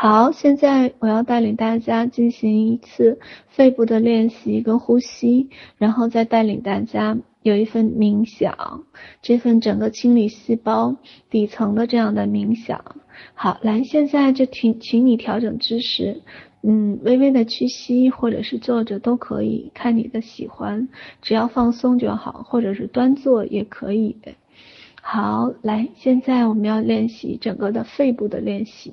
好，現在我要帶領大家進行一次肺部的練習跟呼吸，然後再帶領大家有一份冥想，這份整個清理細胞底層的這樣的冥想。好，來，現在就請請你調整姿勢，嗯，微微的屈膝或者是坐着都可以，看你的喜歡，只要放鬆就好，或者是端坐也可以。好，來，現在我們要練習整個的肺部的練習。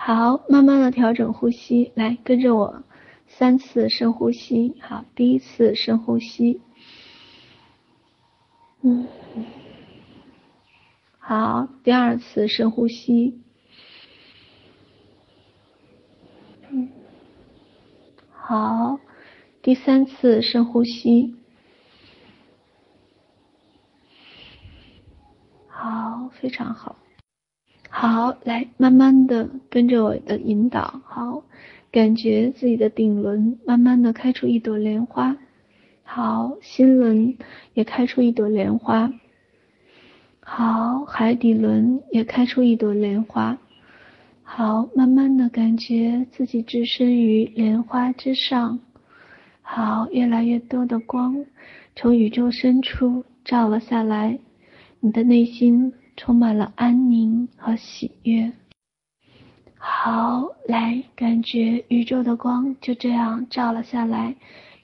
好，慢慢的調整呼吸，來跟着我三次深呼吸。好，第一次深呼吸，嗯，好，第二次深呼吸，嗯，好，第三次深呼吸，好，非常好。好，來，慢慢的跟着我的引導，好，感覺自己的頂輪慢慢的開出一朵蓮花，好，心輪也開出一朵蓮花，好，海底輪也開出一朵蓮花，好，慢慢的感覺自己置身於蓮花之上，好，越來越多的光從宇宙深處照了下來，你的內心。充滿了安寧和喜悅。好，來，感覺宇宙的光就這樣照了下來，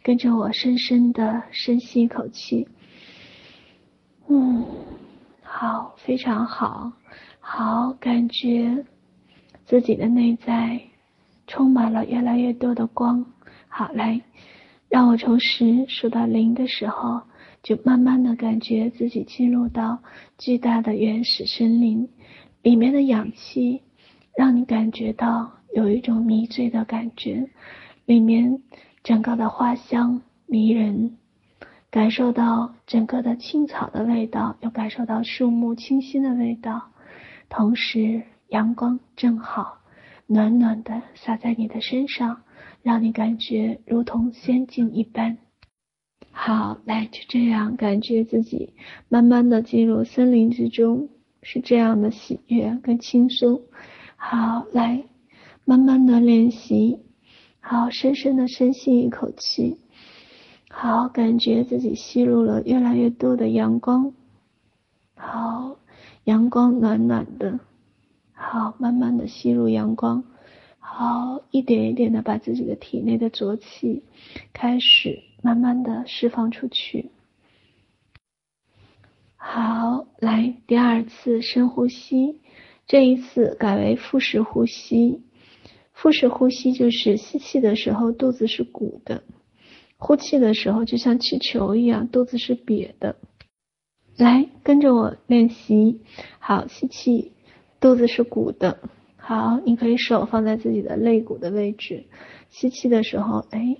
跟着我深深的深吸一口氣。嗯，好，非常好，好，感覺自己的內在充滿了越來越多的光。好，來，讓我從十數到零的時候，就慢慢的感覺自己進入到巨大的原始森林，裡面的氧氣讓你感覺到有一種迷醉的感覺，裡面整個的花香迷人，感受到整個的青草的味道，又感受到樹木清新的味道，同時陽光正好，暖暖的灑在你的身上，讓你感覺如同仙境一般。好，來，就這樣，感覺自己慢慢的進入森林之中，是這樣的喜悅跟輕鬆。好，來，慢慢的練習。好，深深的深吸一口氣。好，感覺自己吸入了越來越多的陽光。好，陽光暖暖的。好，慢慢的吸入陽光。好，一點一點的把自己的體內的濁氣開始慢慢的釋放出去。好，來，第二次深呼吸，這一次改為腹式呼吸。腹式呼吸就是吸氣的時候肚子是鼓的，呼氣的時候就像氣球一樣，肚子是癟的。來，跟着我練習。好，吸氣，肚子是鼓的。好，你可以手放在自己的肋骨的位置，吸氣的時候，哎，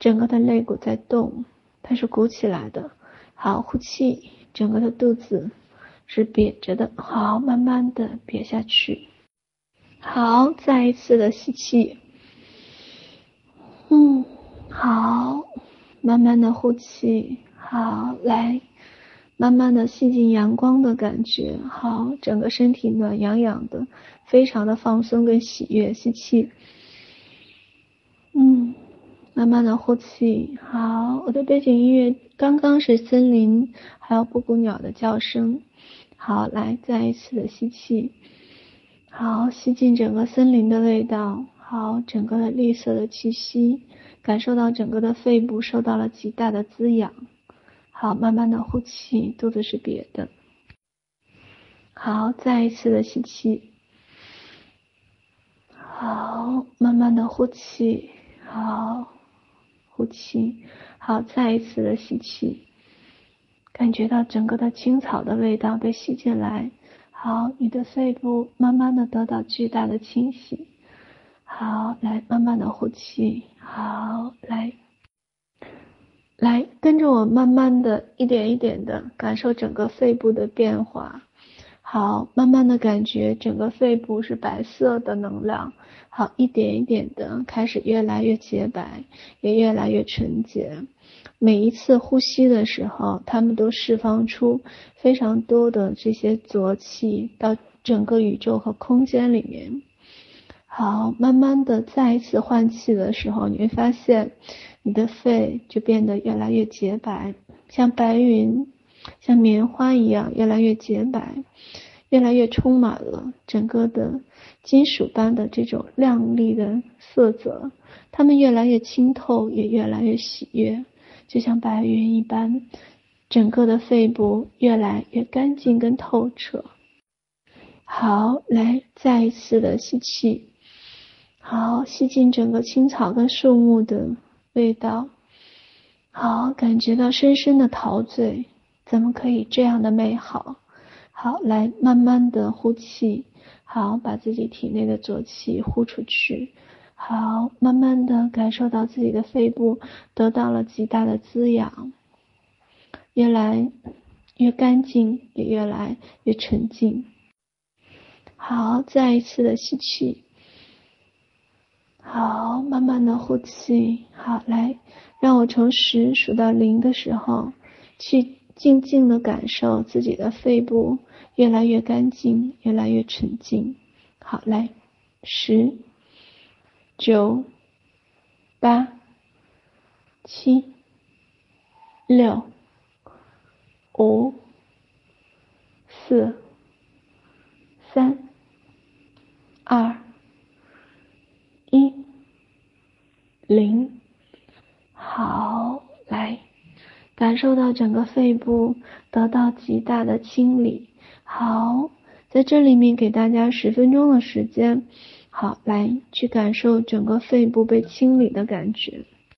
整個的肋骨在動，它是鼓起來的。好，呼氣，整個的肚子是癟着的。好，慢慢的癟下去。好，再一次的吸氣，嗯，好，慢慢的呼氣。好，來。慢慢的吸進陽光的感覺，好，整個身體暖洋洋的，非常的放鬆跟喜悅。吸氣，嗯，慢慢的呼氣。好，我的背景音樂剛剛是森林，還有布谷鳥的叫聲。好，來，再一次的吸氣，好，吸進整個森林的味道，好，整個的綠色的氣息，感受到整個的肺部受到了極大的滋養。好，慢慢的呼氣，肚子是癟的。好，再一次的吸氣。好，慢慢的呼氣。好，呼氣。好，再一次的吸氣。感覺到整個的青草的味道被吸進來。好，你的肺部慢慢的得到巨大的清洗。好，來，慢慢的呼氣。好，來。來，跟着我慢慢的一點一點的感受整個肺部的變化。好，慢慢的感覺整個肺部是白色的能量。好，一點一點的開始越來越潔白，也越來越純潔。每一次呼吸的時候，它們都釋放出非常多的這些濁氣到整個宇宙和空間裡面。好，慢慢的再一次換氣的時候，你會發現，你的肺就變得越來越潔白，像白雲，像棉花一樣，越來越潔白，越來越充滿了整個的金屬般的這種亮麗的色澤，它們越來越清透，也越來越喜悅，就像白雲一般，整個的肺部越來越乾淨跟透徹。好，來，再一次的吸氣。好，吸進整個青草跟樹木的味道，好，感覺到深深的陶醉，怎麼可以這樣的美好，好，來慢慢的呼氣，好，把自己體內的濁氣呼出去，好，慢慢的感受到自己的肺部得到了極大的滋養，越來越乾淨，也越來越沉靜。好，再一次的吸氣。好，慢慢的呼氣。好，來，讓我從十數到零的時候，去靜靜的感受自己的肺部越來越乾淨，越來越純淨。好，來，十、九、八、七、六、五、四。感受到整個肺部得到極大的清理，好，在這裡面給大家十分鐘的時間，好，來去感受整個肺部被清理的感覺。